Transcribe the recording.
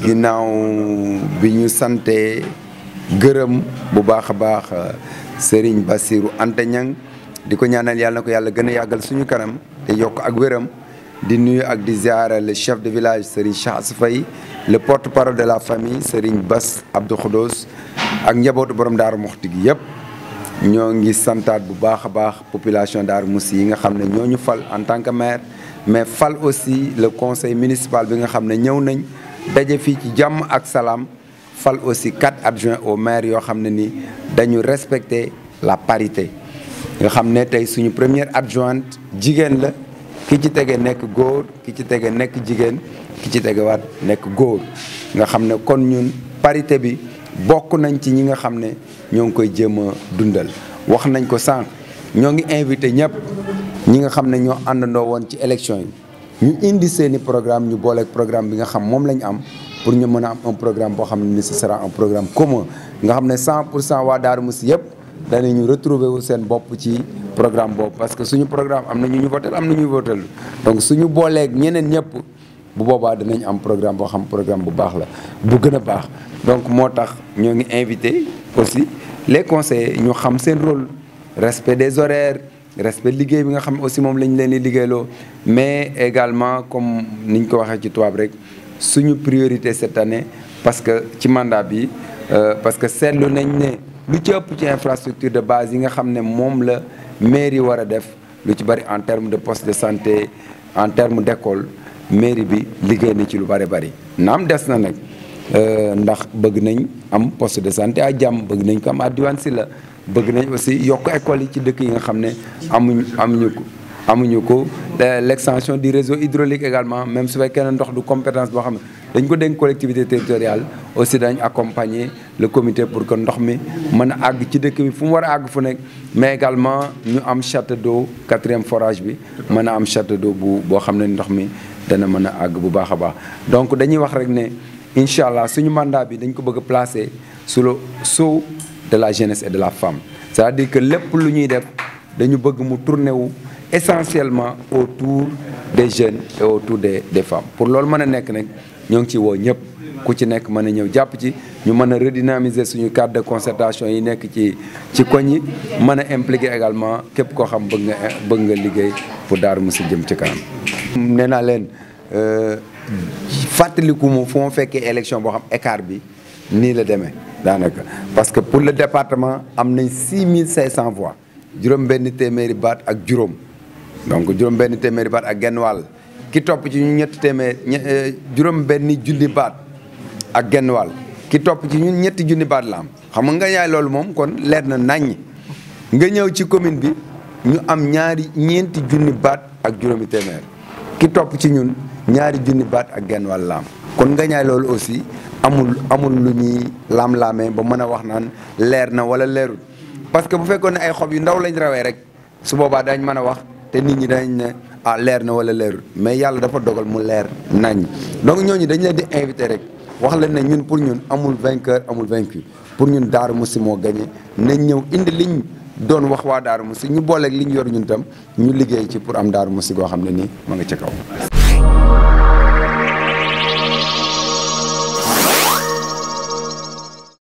ginnaaw bi ñu sante gërëm bu baax a baax euh, Serigne Bassirou Anta Niang di ko ñaanal yàlla na ko yàlla gën a yàggal suñu kanam te yokk ak wéram di nuyu ak di ziara le chef de village Serigne Chass Faye le porte-parole de la famille Serigne bas Abdou Khoudous ak njabootu borom daar Muxti gi yëpp ñoo ngi santaat bu baax a baax population Daaru Muxti yi nga xam ne ñoo ñu fal en tant que maire mais fal aussi le conseil municipal bi nga xam ne ñëw nañ daje fii ci jàmm ak salaam fal aussi quatre adjoints au maire yoo xam ne nii dañu respecter la parité nga xam ne tey suñu première adjointe jigéen la ki ci tege nekk góor ki ci tege nekk jigéen ki ci tegewaat nekk góor nga xam ne kon ñun parité bi bokk nañ ci ñi nga xam ne ñoo ngi koy jéem a dundal wax nañ ko sànq ñoo ngi invité ñëpp ñi nga xam ne ñoo àndandoo woon ci élection yi ñu indi seen i programme ñu booleeg programme bi nga xam moom la am pour ñu mën a am un programme boo xam ne ni ce sera un programme commun nga xam ne 100 pour cent waa Darou Moussi yëpp danañu retrouver wu seen bopp ci programme boobu parce que suñu programme am na ñu ñu votel am na ñuy votel donc suñu booleeg ñeneen ñëpp bu boobaa danañ am programme boo xam programme bu baax la bu gën a baax donc moo tax ñoo ngi invité aussi les conseillers ñu xam seen rôle respect des horaires respect liggéey bi nga xam aussi moom lañ leen di liggéeyloo mais également comme niñ ko waxee ci tubaab rek suñu priorité cette année parce que ci mandat bi euh, parce que seetlu nañ ne lu ci ëpp ci infrastructure de base yi nga xam ne moom la mairie war a def lu ci bari en terme de poste de santé en terme d'école mairie bi liggéey na ci lu bari bari naam des na nag euh, ndax bëgg nañ am poste de santé à jàmm bëgg nañ ko am à Diwane Silla bëgg nañ aussi yokk école yi ci dëkk yi nga xam ne amuñ amuñu ko amuñu ko l' extension du réseau hydraulique également même su fekkee ne ndox du compétence boo xam ne dañ ko dénk collectivité territoriale aussi dañ accompagner le comité pour que ndox mi mën a àgg ci dëkk bi fu mu war àgg fu nekk mais également ñu am château d'eau quatrième forage bi mën a am château d'eau bu boo xam ne ndox mi dana mën a àgg bu baax a baax donc dañuy wax rek ne incha allah suñu mandat bi dañ ko bëgg a placer su de la jeunesse et de la femme c'est-à-dire que lépp lu ñuy def dañu bëgg mu tourner wu essentiellement autour des jeunes et autour des des femmes pour loolu mën a nekk nag ñoo ngi ci woo ñëpp ku ci nekk mën a ñëw jàpp ci ñu mën a redynamiser suñu cadre de concertation yi nekk ci ci koñ yi mën a impliquer également képp koo xam bëgg nga bëgg nga liggéey pour mu si jëm ci kanam. nee naa leen euh, fàttaliku mu fu fekkee élection boo xam écart bi. nii la demee daanaka parce que pour le département am nañ 6500 voix juróom-benn téeméeri baat ak juróom donc juróom-benn téeméeri baat ak genn wàll ki topp ci ñun ñetti téeméer euh, juróom-benn junni baat ak genn wàll ki topp ci ñun ñetti junni baat la xam nga yaay loolu moom kon leer na naññ nga ñëw ci commune bi ñu am ñaari ñeenti junni baat ak juróomi téeméer ki topp ci ñun ñaari junni baat ak genn wàll la am kon nga ñaay loolu aussi amul amul lu ñuy laam-laamee ba mën a wax naan leer na wala leerul parce que bu fekkoon ne ay xob yu ndaw lañ rawee rek su boobaa dañ mën a wax te nit ñi dañ ne ah leer na wala leerul mais yàlla dafa dogal mu leer nañ donc ñooñu dañ leen di invité rek wax leen ne ñun pour ñun amul vainqueur amul vaincu pour ñun Darou Mousty moo gagné nañ ñëw indi liñ doon wax waa Darou Mousty ñu booleek li ñu yor ñun tam ñu liggéey ci pour am Darou Mousty goo xam ne nii ma nga ca kaw.